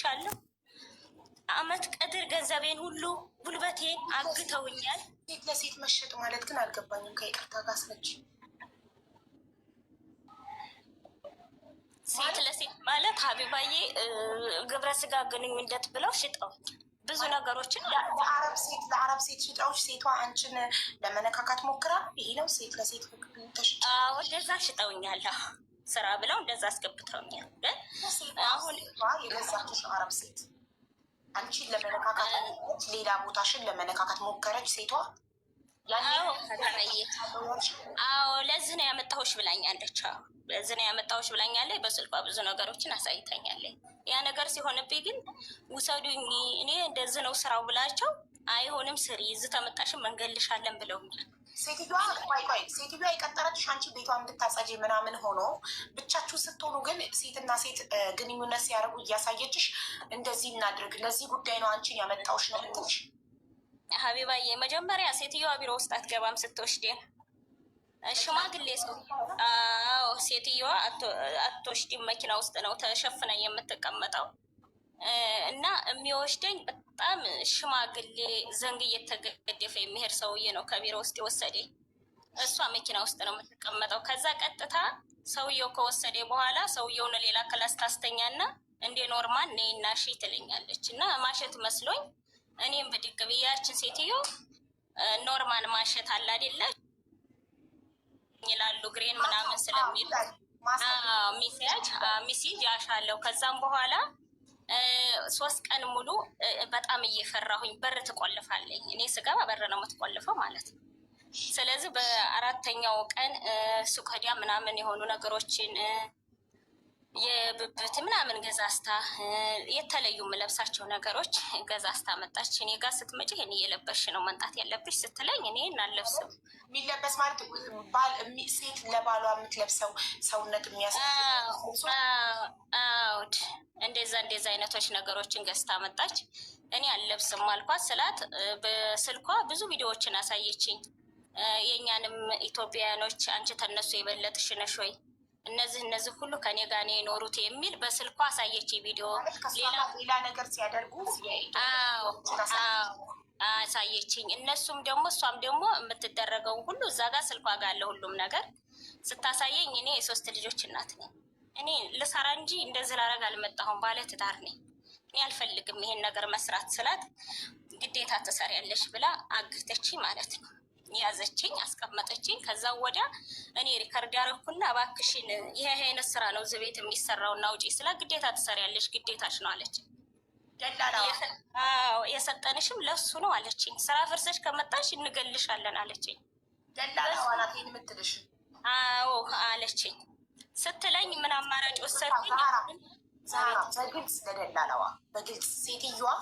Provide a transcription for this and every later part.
ሰጥቻለሁ። አመት ቀድር ገንዘቤን ሁሉ ጉልበቴ አግተውኛል። ሴት ለሴት መሸጥ ማለት ግን አልገባኝም። ከይቅርታ ጋር አስረጅ። ሴት ለሴት ማለት ሀቢባዬ ግብረ ስጋ ግንኙነት ብለው ሽጠው ብዙ ነገሮችን ለአረብ ሴት ለአረብ ሴት ሽጣዎች ሴቷ አንቺን ለመነካካት ሞክራ ይሄ ነው ሴት ለሴት ተሽጣ ወደዛ ሽጠውኛለሁ ስራ ብለው እንደዛ አስገብተውኛል። አሁን የገዛችሽ አረብ ሴት አንቺን ለመነካካት ሌላ ቦታሽን ለመነካካት ሞከረች ሴቷ። አዎ ለዚህ ነው ያመጣሁሽ ብላኛለች። ለዚህ ነው ያመጣሁሽ ብላኛለች። በስልኳ ብዙ ነገሮችን አሳይታኛለች። ያ ነገር ሲሆንብኝ ግን ውሰዱኝ እኔ እንደዚህ ነው ስራው ብላቸው አይሆንም ስሪ ይዝ ተመጣሽ መንገልሻለን ብለው ሴትዮዋ ቆይ ቆይ ሴትዮዋ የቀጠረችሽ አንቺ ቤቷ እንድታጸጂ ምናምን ሆኖ ብቻችሁ ስትሆኑ ግን ሴትና ሴት ግንኙነት ሲያደርጉ እያሳየችሽ እንደዚህ እናድርግ፣ ለዚህ ጉዳይ ነው አንቺን ያመጣውሽ ነው ምትች ሀቢባዬ መጀመሪያ ሴትዮዋ ቢሮ ውስጥ አትገባም ስትወሽዴን ሽማግሌ ሰው አዎ፣ ሴትዮዋ አትወሽድም መኪና ውስጥ ነው ተሸፍነ የምትቀመጠው እና የሚወሽደኝ በጣም ሽማግሌ ዘንግ እየተገደፈ የሚሄድ ሰውዬ ነው ከቢሮ ውስጥ የወሰደ። እሷ መኪና ውስጥ ነው የምትቀመጠው። ከዛ ቀጥታ ሰውየው ከወሰደ በኋላ ሰውየውን ሌላ ክላስ ታስተኛና እንደ ኖርማል ነይና ሺ ትለኛለች እና ማሸት መስሎኝ እኔም ብድግ ብዬ ሴትዮ ኖርማል ማሸት አለ አይደለ ይላሉ ግሬን ምናምን ስለሚል ሚሴጅ ሚሴጅ ከዛም በኋላ ሶስት ቀን ሙሉ በጣም እየፈራሁኝ በር ትቆልፋለኝ። እኔ ስገባ በር ነው የምትቆልፈው ማለት ነው። ስለዚህ በአራተኛው ቀን ሱከዲያ ምናምን የሆኑ ነገሮችን የብብት ምናምን ገዛስታ የተለዩ የምለብሳቸው ነገሮች ገዛስታ መጣች። እኔ ጋር ስትመጪ ይህን እየለበሽ ነው መምጣት ያለብሽ ስትለኝ እኔ አልለብስም። የሚለበስ ማለት ሴት ለባሏ የምትለብሰው ሰውነት የሚያስ እንደዛ እንደዛ አይነቶች ነገሮችን ገዝታ መጣች። እኔ አልለብስም አልኳት ስላት በስልኳ ብዙ ቪዲዮዎችን አሳየችኝ። የእኛንም ኢትዮጵያውያኖች አንቺ ተነሱ የበለጥሽ ነሽ ወይ እነዚህ እነዚህ ሁሉ ከኔ ጋር ነው የኖሩት የሚል በስልኩ አሳየች ቪዲዮ ሌላ ነገር ሲያደርጉ አሳየችኝ። እነሱም ደግሞ እሷም ደግሞ የምትደረገው ሁሉ እዛ ጋር ስልኳ ጋር አለ ሁሉም ነገር ስታሳየኝ፣ እኔ የሶስት ልጆች እናት ነኝ። እኔ ልሰራ እንጂ እንደዚህ ላረግ አልመጣሁም። ባለ ትዳር ነኝ እኔ አልፈልግም ይሄን ነገር መስራት ስላት፣ ግዴታ ትሰሪያለሽ ብላ አግተች ማለት ነው። ያዘችኝ፣ አስቀመጠችኝ። ከዛ ወዲያ እኔ ሪከርድ ያረኩና እባክሽን ይሄ አይነት ስራ ነው ዝቤት የሚሰራው እና ውጪ ስለ ግዴታ ትሰሪያለሽ፣ ግዴታሽ ነው አለች። የሰጠንሽም ለሱ ነው አለችኝ። ስራ ፍርሰሽ ከመጣሽ እንገልሻለን አለችኝ። ደላላዋናት ይህን ምትልሽ? አዎ አለችኝ። ስትለኝ ምን አማራጭ ወሰድኩኝ? በግልጽ ለደላላዋ በግልጽ ሴትዮዋ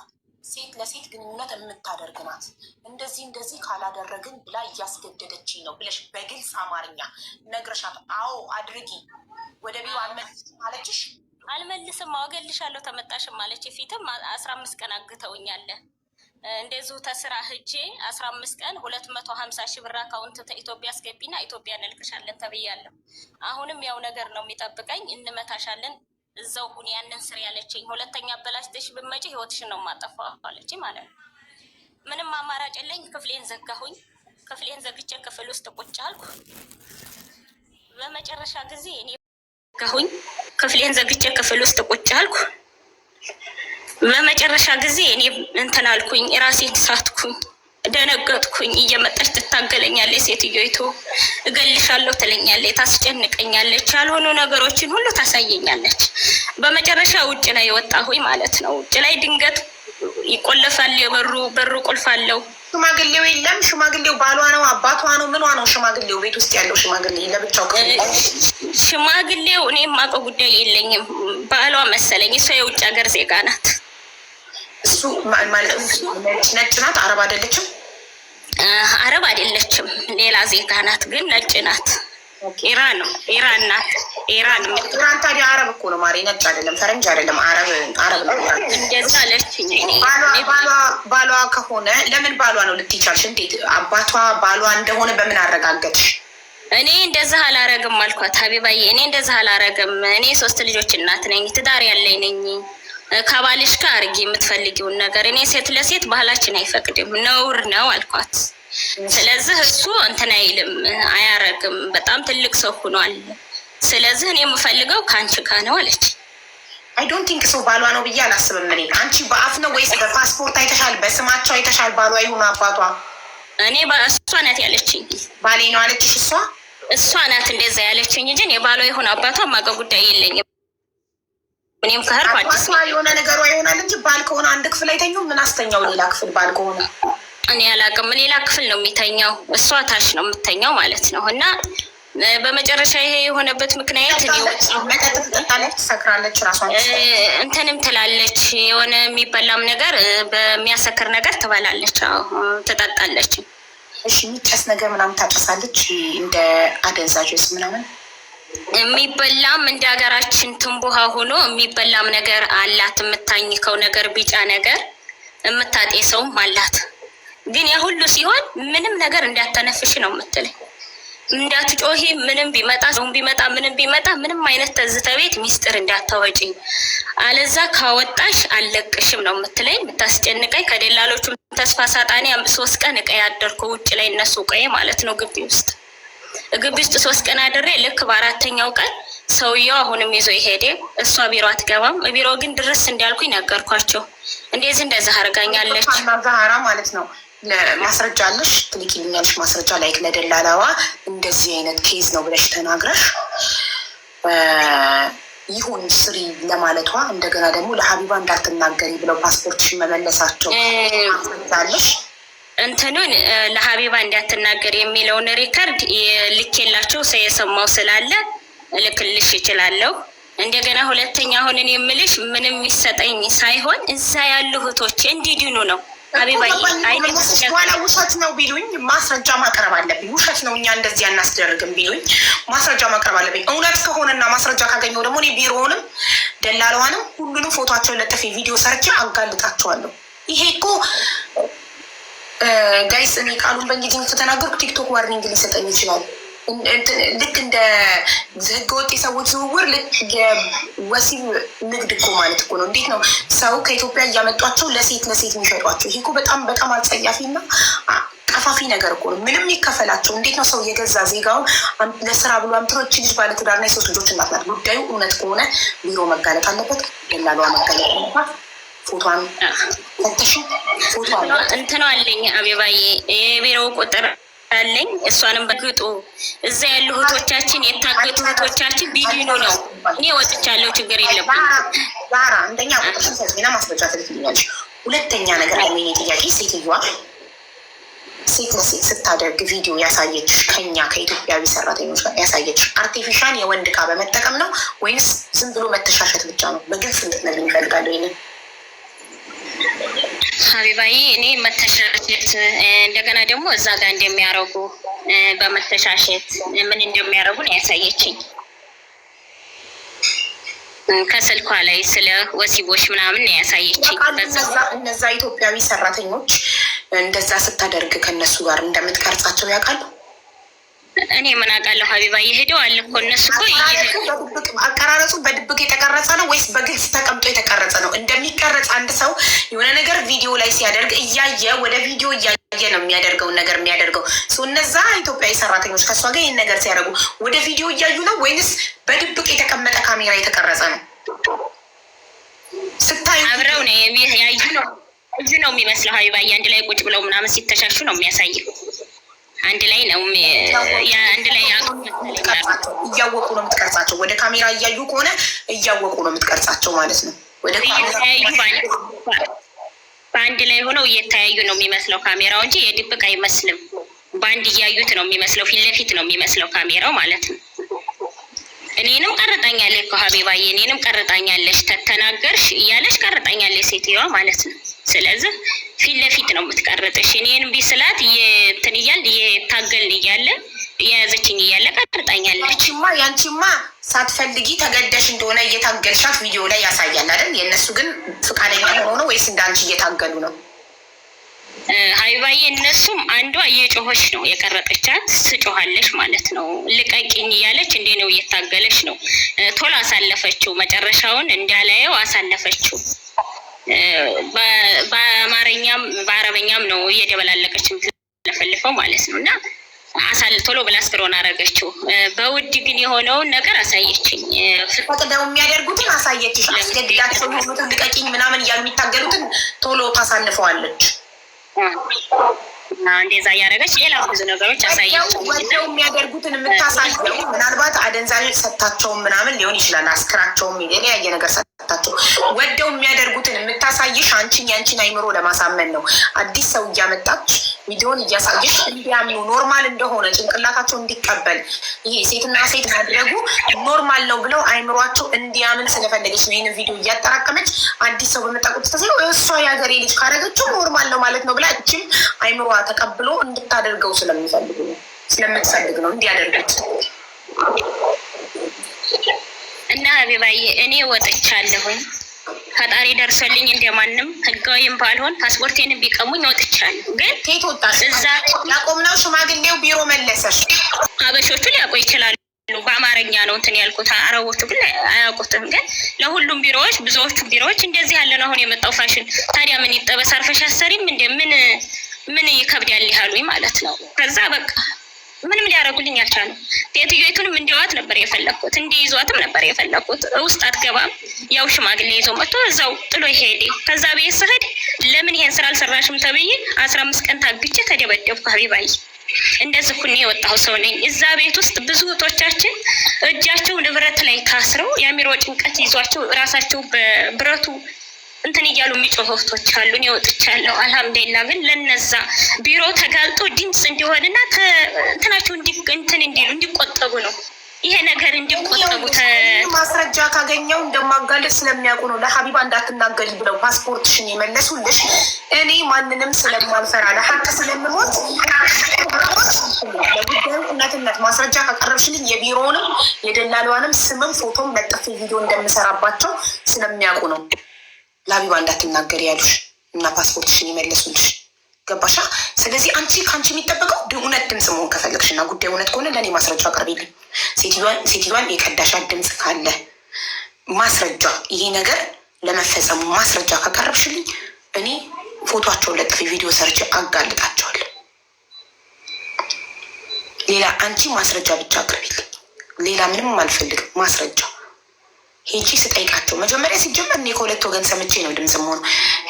ሴት ለሴት ግንኙነት የምታደርግ ናት። እንደዚህ እንደዚህ ካላደረግን ብላ እያስገደደችኝ ነው ብለሽ በግልጽ አማርኛ ነግረሻት፣ አዎ አድርጊ ወደ ቢሮ አልመልስም አለችሽ? አልመልስም አወገልሻለሁ ተመጣሽም አለች። ፊትም አስራ አምስት ቀን አግተውኛለ እንደዚሁ ተስራ ህጄ አስራ አምስት ቀን ሁለት መቶ ሀምሳ ሺህ ብር አካውንት ኢትዮጵያ አስገቢና ኢትዮጵያ እንልክሻለን ተብያለሁ። አሁንም ያው ነገር ነው የሚጠብቀኝ። እንመታሻለን እዛው ሁን ያንን ስር ያለችኝ። ሁለተኛ አበላሽተሽ ብትመጪ ህይወትሽን ነው የማጠፋው አለች ማለት ነው። ምንም አማራጭ የለኝ። ክፍሌን ዘጋሁኝ። ክፍሌን ዘግቼ ክፍል ውስጥ ቁጭ አልኩ። በመጨረሻ ጊዜ እኔ ዘጋሁኝ። ክፍሌን ዘግቼ ክፍል ውስጥ ቁጭ አልኩ። በመጨረሻ ጊዜ እኔ እንትን አልኩኝ፣ ራሴን ሳትኩኝ። ደነገጥኩኝ። እየመጣች ትታገለኛለች፣ ሴትዮይቱ እገልሻለሁ ትለኛለች፣ ታስጨንቀኛለች፣ ያልሆኑ ነገሮችን ሁሉ ታሳየኛለች። በመጨረሻ ውጭ ላይ የወጣሁኝ ማለት ነው። ውጭ ላይ ድንገት ይቆለፋል የበሩ በሩ ቁልፍ አለው። ሽማግሌው የለም። ሽማግሌው ባሏ ነው አባቷ ነው ምኗ ነው ሽማግሌው? ቤት ውስጥ ያለው ሽማግሌ ለብቻው ሽማግሌው እኔ የማውቀው ጉዳይ የለኝም። ባሏ መሰለኝ። እሷ የውጭ ሀገር ዜጋ ናት። እሱ ማለት ነጭ ናት፣ አረብ አይደለችም። አረብ አይደለችም፣ ሌላ ዜጋ ናት፣ ግን ነጭ ናት። ኢራን ነው ኢራን ናት። ኢራን ኢራን ታዲያ አረብ እኮ ነው ማሪ፣ ነጭ አይደለም፣ ፈረንጅ አይደለም፣ አረብ አረብ ነው። እንደዛ አለችኝ። ባሏ ከሆነ ለምን ባሏ ነው ልትይቻልሽ? እንዴት አባቷ ባሏ እንደሆነ በምን አረጋገጥሽ? እኔ እንደዛ አላረግም አልኳት ሀቢባዬ እኔ እንደዛ አላረግም። እኔ ሶስት ልጆች እናት ነኝ፣ ትዳር ያለኝ ነኝ ከባልሽ ጋር አርጊ የምትፈልጊውን ነገር። እኔ ሴት ለሴት ባህላችን አይፈቅድም፣ ነውር ነው አልኳት። ስለዚህ እሱ እንትን አይልም አያረግም፣ በጣም ትልቅ ሰው ሆኗል። ስለዚህ እኔ የምፈልገው ከአንቺ ጋር ነው አለች። አይ ዶንት ቲንክ ሰው ባሏ ነው ብዬ አላስብም። እኔ አንቺ በአፍ ነው ወይስ በፓስፖርት አይተሻል? በስማቸው አይተሻል? ባሏ ይሁን አባቷ። እኔ እሷ ናት ያለችኝ፣ ባሌ ነው አለችሽ። እሷ እሷ ናት እንደዛ ያለችኝ እንጂ ባሏ ይሁን አባቷ ማቀ ጉዳይ የለኝም። እኔም ከህር አዲስ የሆነ ነገሩ ይሆናል እንጂ ባል ከሆነ አንድ ክፍል አይተኙ። ምን አስተኛው ሌላ ክፍል ባል ከሆነ እኔ አላውቅም። ሌላ ክፍል ነው የሚተኛው፣ እሷ ታች ነው የምተኛው ማለት ነው። እና በመጨረሻ ይሄ የሆነበት ምክንያት እንትንም ትላለች፣ የሆነ የሚበላም ነገር በሚያሰክር ነገር ትበላለች፣ ትጠጣለች። እሺ የሚጨስ ነገር ምናምን ታጨሳለች፣ እንደ አደንዛዥ ምናምን የሚበላም እንደ ሀገራችን ትንቡሃ ሆኖ የሚበላም ነገር አላት። የምታኝከው ነገር ቢጫ ነገር ሰውም አላት። ግን ያ ሁሉ ሲሆን ምንም ነገር እንዳተነፍሽ ነው የምትለኝ፣ እንዳትጮሂ፣ ምንም ቢመጣ ሰውም ቢመጣ ምንም ቢመጣ ምንም አይነት ተዝተ ቤት ሚስጥር እንዳታወጪ፣ አለዛ ካወጣሽ አለቅሽም ነው የምትለኝ። የምታስጨንቀኝ ከደላሎቹም ተስፋ ሳጣኔ ሶስት ቀን እቀ ያደርኩ ውጭ ላይ እነሱ ቀይ ማለት ነው ግቢ ውስጥ ግቢ ውስጥ ሶስት ቀን አድሬ ልክ በአራተኛው ቀን ሰውየው አሁንም ይዞ ይሄዴ። እሷ ቢሮ አትገባም። ቢሮ ግን ድረስ እንዲያልኩኝ ነገርኳቸው። እንደዚህ እንደዛ አርጋኛለች። ዛራ ማለት ነው። ማስረጃ አለሽ? ትልኪልኛለሽ ማስረጃ ላይክ ለደላላዋ እንደዚህ አይነት ኬዝ ነው ብለሽ ተናግረሽ ይሁን ስሪ ለማለቷ እንደገና ደግሞ ለሀቢባ እንዳትናገሪ ብለው ፓስፖርትሽን መመለሳቸው ታለሽ እንትኑን ለሀቢባ እንዳትናገር የሚለውን ሪከርድ ልኬላቸው ሰው የሰማው ስላለ ልክልሽ ይችላለሁ። እንደገና ሁለተኛ አሁንን የምልሽ ምንም ይሰጠኝ ሳይሆን እዛ ያሉ እህቶች እንዲድኑ ነው። በኋላ ውሸት ነው ቢሉኝ ማስረጃ ማቅረብ አለብኝ። ውሸት ነው እኛ እንደዚህ አናስደርግም ቢሉኝ ማስረጃ ማቅረብ አለብኝ። እውነት ከሆነና ማስረጃ ካገኘው ደግሞ እኔ ቢሮውንም ደላለዋንም ሁሉንም ፎቶቸውን ለጥፌ ቪዲዮ ሰርቼ አጋልጣቸዋለሁ። ይሄ እኮ ጋይስ እኔ ቃሉን በእንግሊዝኛ ከተናገርኩ ቲክቶክ ዋርኒንግ ሊሰጠኝ ይችላል። ልክ እንደ ህገወጥ የሰዎች ዝውውር ልክ የወሲብ ንግድ እኮ ማለት እኮ ነው። እንዴት ነው ሰው ከኢትዮጵያ እያመጧቸው ለሴት ለሴት የሚሸጧቸው? ይህ እኮ በጣም በጣም አጸያፊ እና ቀፋፊ ነገር እኮ ነው። ምንም ይከፈላቸው። እንዴት ነው ሰው የገዛ ዜጋውን ለስራ ብሎ አምትሮ እች ልጅ ባለትዳርና የሶስት ልጆች እናት ናት። ጉዳዩ እውነት ከሆነ ቢሮ መጋለጥ አለበት፣ ደላሏ መጋለጥ አለባት። ፎቷን ፎቷን አለኝ አቤባዬ የቢሮ ቁጥር አለኝ። እሷንም በግጡ እዛ ያሉ እህቶቻችን የታገጡ እህቶቻችን ነው። እኔ ወጥቻለሁ፣ ችግር የለም። ዛራ አንደኛ ማስረጃ ትልክልኛለሽ። ሁለተኛ ነገር አለ ጥያቄ ሴትዮዋ ሴት ስታደርግ ቪዲዮ ያሳየችሽ ከኛ ከኢትዮጵያዊ ሰራተኞች ጋር ያሳየችሽ አርቲፊሻል የወንድ ዕቃ በመጠቀም ነው ወይስ ዝም ብሎ መተሻሸት ብቻ ነው? በግልጽ እንድትነግሪኝ እፈልጋለሁ ይሄንን ሀቢባዬ እኔ መተሻሸት እንደገና ደግሞ እዛ ጋር እንደሚያደርጉ በመተሻሸት ምን እንደሚያደርጉ ነው ያሳየችኝ። ከስልኳ ላይ ስለ ወሲቦች ምናምን ነው ያሳየችኝ። እነዛ ኢትዮጵያዊ ሰራተኞች እንደዛ ስታደርግ ከነሱ ጋር እንደምትቀርጻቸው ያውቃሉ። እኔ ምን አውቃለሁ ሀቢባ እየሄደው አለ እኮ እነሱ እኮ አቀራረጹ በድብቅ የተቀረጸ ነው ወይስ በግልጽ ተቀምጦ የተቀረጸ ነው? እንደሚቀረጽ አንድ ሰው የሆነ ነገር ቪዲዮ ላይ ሲያደርግ እያየ ወደ ቪዲዮ እያየ ነው የሚያደርገውን ነገር የሚያደርገው እነዛ ኢትዮጵያዊ ሰራተኞች ከእሷ ጋር ይህን ነገር ሲያደርጉ ወደ ቪዲዮ እያዩ ነው ወይንስ በድብቅ የተቀመጠ ካሜራ የተቀረጸ ነው? ስታዩ አብረው ነው ያዩ ነው እዚህ ነው የሚመስለው ሀቢባ አንድ ላይ ቁጭ ብለው ምናምን ሲተሻሹ ነው የሚያሳየው አንድ ላይ ነው አንድ ላይ እያወቁ ነው የምትቀርጻቸው። ወደ ካሜራ እያዩ ከሆነ እያወቁ ነው የምትቀርጻቸው ማለት ነው። በአንድ ላይ ሆነው እየተያዩ ነው የሚመስለው ካሜራው እንጂ የድብቅ አይመስልም። በአንድ እያዩት ነው የሚመስለው፣ ፊት ለፊት ነው የሚመስለው ካሜራው ማለት ነው። እኔንም ቀርጣኛለች እኮ ሀቢባዬ፣ እኔንም ቀርጣኛለች ተተናገርሽ እያለች ቀርጣኛለች ሴትዮዋ ማለት ነው። ስለዚህ ፊት ለፊት ነው የምትቀርጥሽ። እኔን ስላት እንትን እያል እየታገልን እያለ የያዘችኝ እያለ ቀርጣኛለች። ያንቺማ ሳትፈልጊ ተገደሽ እንደሆነ እየታገልሻት ቪዲዮ ላይ ያሳያል አይደል? የእነሱ ግን ፈቃደኛ ሆኖ ወይስ እንዳንቺ እየታገሉ ነው? ሀይባዬ እነሱም አንዷ እየጮኸች ነው የቀረጠቻት። ስጮሃለች ማለት ነው ልቀቂኝ እያለች እንዴ ነው እየታገለች ነው። ቶሎ አሳለፈችው፣ መጨረሻውን እንዳላየው አሳለፈችው። በአማርኛም በአረበኛም ነው እየደበላለቀች የምትለፈልፈው ማለት ነው። እና አሳል ቶሎ ብላ ስትሮን አደረገችው። በውድ ግን የሆነውን ነገር አሳየችኝ። ፈቅደው የሚያደርጉትን አሳየች። አስገድዳቸው የሆኑትን ልቀቂኝ ምናምን እያሉ የሚታገሉትን ቶሎ ታሳንፈዋለች። እንደዛ እያደረገች ሌላ ብዙ ነገሮች አሳየችው። የሚያደርጉትን የምታሳየው ምናልባት አደንዛዥ ሰታቸውን ምናምን ሊሆን ይችላል። አስክራቸውም የተለያየ ነገር አታቸው ወደው የሚያደርጉትን የምታሳይሽ አንቺን ያንቺን አይምሮ ለማሳመን ነው። አዲስ ሰው እያመጣች ቪዲዮን እያሳየች እንዲያምኑ ኖርማል እንደሆነ ጭንቅላታቸው እንዲቀበል ይሄ ሴትና ሴት ማድረጉ ኖርማል ነው ብለው አይምሯቸው እንዲያምን ስለፈለገች ነው። ይህን ቪዲዮ እያጠራቀመች አዲስ ሰው በመጣቁት ተሰ እሷ የሀገሬ ልጅ ካደረገችው ኖርማል ነው ማለት ነው ብላ እችም አይምሯ ተቀብሎ እንድታደርገው ስለሚፈልጉ ነው ስለምትፈልግ ነው እንዲያደርጉት እና ሀቢባዬ እኔ ወጥቻለሁኝ። ፈጣሪ ደርሶልኝ እንደማንም ህጋዊም ባልሆን ፓስፖርቴን ቢቀሙኝ ወጥቻለሁ። ግን እዛ ያቆምነው ሽማግሌው ቢሮ መለሰሽ። አበሾቹ ሊያውቁ ይችላሉ። በአማርኛ ነው እንትን ያልኩት፣ አረቦቹ ግን አያውቁትም። ግን ለሁሉም ቢሮዎች፣ ብዙዎቹ ቢሮዎች እንደዚህ ያለን አሁን የመጣው ፋሽን ታዲያ ምን ይጠበስ? አርፈሽ አሰሪም እንደ ምን ምን ይከብዳል ያሉኝ ማለት ነው። ከዛ በቃ ምንም ሊያደርጉልኝ አልቻሉ። ሴትዮቱንም እንዲዋት ነበር የፈለግኩት፣ እንዲይዟትም ነበር የፈለግኩት። ውስጥ አትገባም። ያው ሽማግሌ ይዞ መጥቶ እዛው ጥሎ ሄደ። ከዛ ቤት ስሄድ ለምን ይሄን ስራ አልሰራሽም ተብዬ አስራ አምስት ቀን ታግቼ ተደበደብኩ። ሀቢባዬ እንደዚህ ኩኔ የወጣሁ ሰው ነኝ። እዛ ቤት ውስጥ ብዙ እህቶቻችን እጃቸው ንብረት ላይ ታስረው የአሚሮ ጭንቀት ይዟቸው ራሳቸው በብረቱ እንትን እያሉ አሉ። አሉን የወጥቻለሁ። አልሐምዱሊላህ ግን ለነዛ ቢሮ ተጋልጦ ድምፅ እንዲሆንና እንትናቸው እንትን እንዲሉ እንዲቆጠቡ ነው ይሄ ነገር እንዲቆጠቡ ማስረጃ ካገኘው እንደማጋለጥ ስለሚያውቁ ነው። ለሀቢባ እንዳትናገሪ ብለው ፓስፖርትሽን የመለሱልሽ። እኔ ማንንም ስለማልፈራ ለሀቅ ስለምሞት ለጉዳዩ እውነትነት ማስረጃ ካቀረብሽልኝ የቢሮውንም የደላሏንም ስምም ፎቶም ለጥፍ ቪዲዮ እንደምሰራባቸው ስለሚያውቁ ነው። ለአቢባ እንዳትናገር ያሉሽ እና ፓስፖርትሽን ይመለሱልሽ። ገባሻ? ስለዚህ አንቺ ከአንቺ የሚጠበቀው እውነት ድምፅ መሆን ከፈለግሽ እና ጉዳይ እውነት ከሆነ ለእኔ ማስረጃ አቅርቢልኝ። ሴትዮዋን የቀዳሻ ድምፅ ካለ ማስረጃ፣ ይሄ ነገር ለመፈጸሙ ማስረጃ ካቀረብሽልኝ እኔ ፎቶቸውን ለጥፊ ቪዲዮ ሰርች አጋልጣቸዋል። ሌላ አንቺ ማስረጃ ብቻ አቅርቢልኝ። ሌላ ምንም አልፈልግም፣ ማስረጃ ሄጂ ስጠይቃቸው መጀመሪያ ሲጀመር እኔ ከሁለት ወገን ሰምቼ ነው ድምፅ መሆኑ።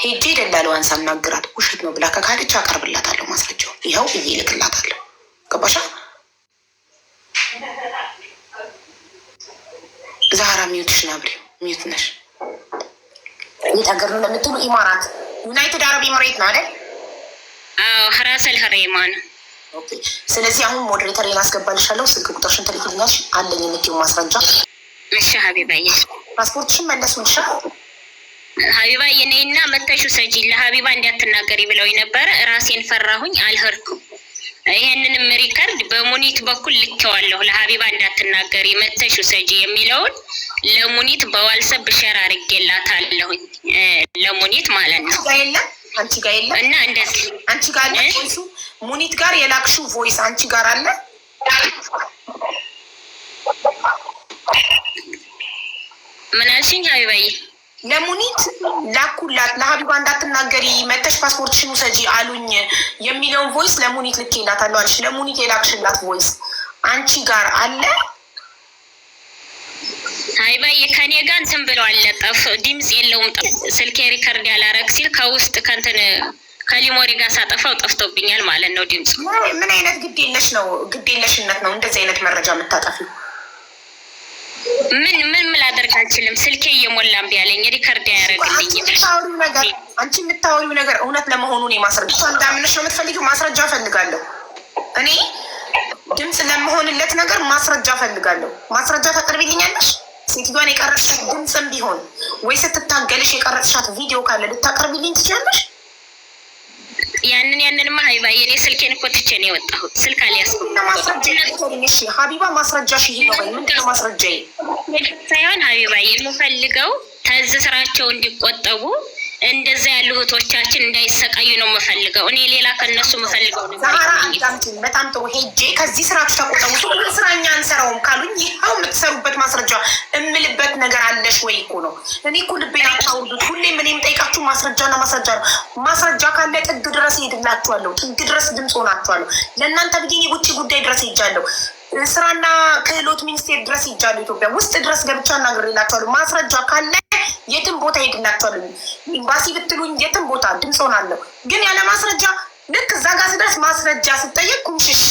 ሄጂ ደላላዋን ሳናግራት ውሸት ነው ብላ ከካደች አቀርብላታለሁ ማስረጃው ይኸው ብዬ እልክላታለሁ። ገባሻ? ዛራ ሚዩትሽ ናብሪ ሚዩት ነሽ። የት ሀገር ነው ለምትሉ ኢማራት፣ ዩናይትድ አረብ ኢምሬት ነው አይደል? ራሰል ሀሬማን ስለዚህ አሁን ሞዴሬተር ያስገባልሻለሁ። ስልክ ቁጥርሽን ትልክልኛሽ አለኝ የምትይው ማስረጃ እሺ ሀቢባዬ ፓስፖርትሽን መለሱ። እሺ ሀቢባዬ ነይና መተሹ ሰጂ ለሀቢባ እንዳትናገሪ ብለው ነበረ። ራሴን ፈራሁኝ አልሄድኩም። ይህንንም ሪከርድ በሙኒት በኩል ልኬዋለሁ። ለሀቢባ እንዳትናገሪ መተሹ ሰጂ የሚለውን ለሙኒት በዋልሰብ ብሸር አድርጌላታለሁኝ። ለሙኒት ማለት ነው አንቺ ጋር የለም እና እንደዚህ አንቺ ጋር ቮይሱ ሙኒት ጋር የላክሹ ቮይስ አንቺ ጋር አለ ምን አልሽኝ ሀቢባዬ? ለሙኒት ላኩላት ለሀቢባ እንዳትናገሪ መተሽ ፓስፖርትሽን ውሰጂ አሉኝ የሚለውን ቮይስ ለሙኒት ልኬላታለሁ አለሽ። ለሙኒት የላክሽላት ቮይስ አንቺ ጋር አለ ሀይባዬ ከኔ ጋር እንትን ብለዋል። ጠፍ ድምፅ የለውም ስልኬ ሪከርድ ያላረግ ሲል ከውስጥ ከንትን ከሊሞሪ ጋር ሳጠፋው ጠፍቶብኛል ማለት ነው ድምፁ። ምን አይነት ግዴለሽ ነው ግዴለሽነት ነው እንደዚህ አይነት መረጃ የምታጠፊው? ምን ምን ምን ላደርግ አልችልም። ስልኬ እየሞላም ቢያለኝ ሪከርድ አያደርግልኝም። አንቺ የምታወሪው ነገር እውነት ለመሆኑ እኔ ማስረጃ እንዳምነሽ ነው የምትፈልጊው? ማስረጃ እፈልጋለሁ። እኔ ድምፅ ለመሆንለት ነገር ማስረጃ እፈልጋለሁ። ማስረጃ ታቀርቢልኛለሽ? ሴትዮዋን የቀረጽሻት ድምፅም ቢሆን ወይ ስትታገልሽ የቀረጽሻት ቪዲዮ ካለ ልታቀርቢልኝ ትችላለሽ? ያንን ያንንማ ሀይባ የኔ ስልኬን እኮ ትቼ ነው የወጣሁት። ስልክ አልያዝኩም። ሀቢባ ማስረጃሽ ሳይሆን ሀቢባ የምፈልገው ተዝ ስራቸው እንዲቆጠቡ እንደዛ ያሉ እህቶቻችን እንዳይሰቃዩ ነው የምፈልገው። እኔ ሌላ ከነሱ የምፈልገው በጣም ጥሩ ሄጄ ከዚህ ስራ ተቆጠቡ። ሁሉ ስራ እኛ አንሰራውም ካሉኝ ይኸው የምትሰሩበት ማስረጃ እምልበት ነገር አለሽ ወይ እኮ ነው። እኔ እኮ ልቤ አታውዱት። ሁሌ ምን የምጠይቃችሁ ማስረጃና ማስረጃ ነው። ማስረጃ ካለ ጥግ ድረስ ሄድላችኋለሁ። ጥግ ድረስ ድምፅ ሆናችኋለሁ። ለእናንተ ብዬ ውጭ ጉዳይ ድረስ ሄጃለሁ ስራና ክህሎት ሚኒስቴር ድረስ ይጃሉ ኢትዮጵያ ውስጥ ድረስ ገብቻ እናገር ማስረጃ ካለ የትም ቦታ ሄድናቸዋል። ኤምባሲ ብትሉኝ የትም ቦታ ድምፅ ሆናለሁ። ግን ያለ ማስረጃ ልክ እዛ ጋር ስደርስ ማስረጃ ስጠየቅ ኩምሽሽ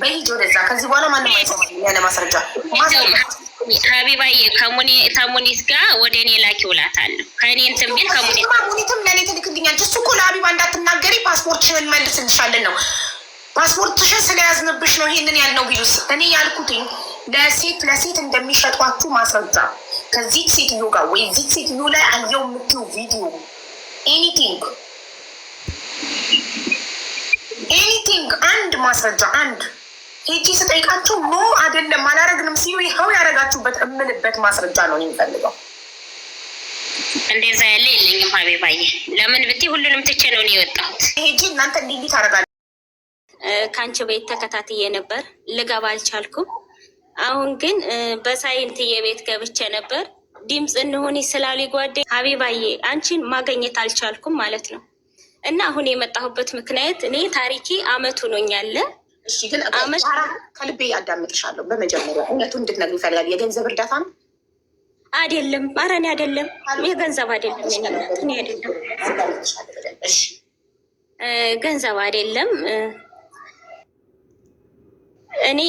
በሂጅ ወደዛ። ከዚህ በኋላ ማንም አይሰማኝም ያለ ማስረጃ። ሀቢባዬ ከሙኒት ጋር ወደ እኔ ላኪ ውላታለሁ። ከእኔ እንትን ቢል ከሙኒትም ለእኔ ትልክልኛል። እሱ እኮ ለሀቢባ እንዳትናገሪ ፓስፖርትሽን መልስልሻለን ነው ፓስፖርትሽን ስለያዝንብሽ ነው ይሄንን ያልነው ቢሉስ እኔ ያልኩትኝ ለሴት ለሴት እንደሚሸጧችሁ ማስረጃ ከዚህ ሴትዮ ጋር ወይ ዚህ ሴትዮ ላይ አየው የምትው ቪዲዮ ኤኒቲንግ ኤኒቲንግ አንድ ማስረጃ አንድ ሄጂ ስጠይቃችሁ ኖ አይደለም አላረግንም ሲሉ ይኸው ያደረጋችሁበት እምልበት ማስረጃ ነው የሚፈልገው። እንደዛ ያለ የለኝም ሀቢባዬ። ለምን ብቴ ሁሉንም ትቼ ነው የወጣሁት። ሄጂ እናንተ እንዲ ታደርጋለህ። ከአንቺ ቤት ተከታትዬ ነበር ልገባ አልቻልኩም። አሁን ግን በሳይንት የቤት ገብቼ ነበር። ድምፅ እንሆን ስላሉ ጓዴ ሀቢባዬ አንቺን ማገኘት አልቻልኩም ማለት ነው። እና አሁን የመጣሁበት ምክንያት እኔ ታሪኪ አመት ሆኖኛል። እሺ ግን ከልቤ ያዳምጥሻለሁ። በመጀመሪያ እውነቱ እንድትነግሪኝ ይፈልጋል። የገንዘብ እርዳታ ነው አይደለም? ኧረ እኔ አይደለም፣ የገንዘብ አይደለም፣ እኔ አይደለም፣ ገንዘብ አይደለም እኔ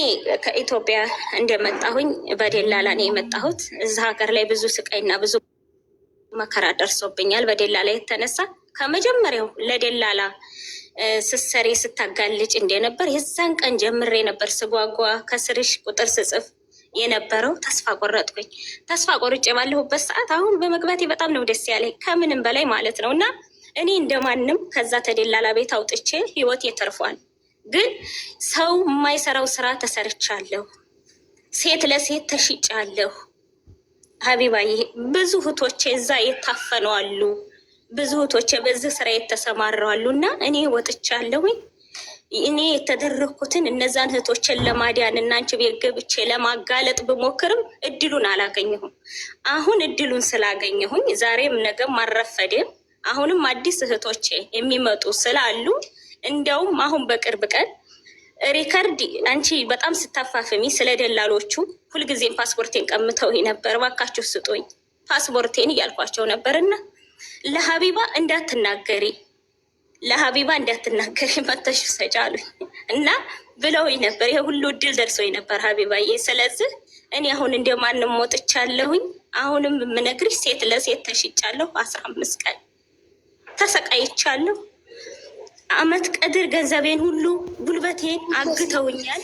ከኢትዮጵያ እንደመጣሁኝ በደላላ ነው የመጣሁት። እዚ ሀገር ላይ ብዙ ስቃይና ብዙ መከራ ደርሶብኛል። በደላላ የተነሳ ከመጀመሪያው ለደላላ ስሰሬ ስታጋልጭ እንደነበር የዛን ቀን ጀምሬ ነበር ስጓጓ ከስርሽ ቁጥር ስጽፍ የነበረው ተስፋ ቆረጥኩኝ። ተስፋ ቆርጬ ባለሁበት ሰዓት አሁን በመግባቴ በጣም ነው ደስ ያለኝ፣ ከምንም በላይ ማለት ነው። እና እኔ እንደማንም ከዛ ተደላላ ቤት አውጥቼ ህይወት ተርፏል። ግን ሰው የማይሰራው ስራ ተሰርቻለሁ፣ ሴት ለሴት ተሽጫለሁ። ሀቢባዬ ብዙ እህቶቼ እዛ የታፈነዋሉ፣ ብዙ እህቶቼ በዚህ ስራ የተሰማረዋሉ። እና እኔ ወጥቻለሁኝ እኔ የተደረግኩትን እነዛን እህቶችን ለማዳን እና አንቺ ቤት ገብቼ ለማጋለጥ ብሞክርም እድሉን አላገኘሁም። አሁን እድሉን ስላገኘሁኝ ዛሬም ነገም አልረፈደም። አሁንም አዲስ እህቶቼ የሚመጡ ስላሉ እንዲያውም አሁን በቅርብ ቀን ሪከርድ አንቺ በጣም ስታፋፍሚ ስለ ደላሎቹ ሁልጊዜም ፓስፖርቴን ቀምተው ነበር። ባካችሁ ስጡኝ ፓስፖርቴን እያልኳቸው ነበር። እና ለሀቢባ እንዳትናገሪ ለሀቢባ እንዳትናገሪ መተሽ ሰጫሉኝ እና ብለውኝ ነበር። ይሄ ሁሉ እድል ደርሶኝ ነበር ሀቢባዬ። ስለዚህ እኔ አሁን እንደ ማንም ሞጥቻለሁኝ። አሁንም የምነግርሽ ሴት ለሴት ተሽጫለሁ። አስራ አምስት ቀን ተሰቃይቻለሁ። አመት ቀድር ገንዘቤን ሁሉ ጉልበቴን አግተውኛል።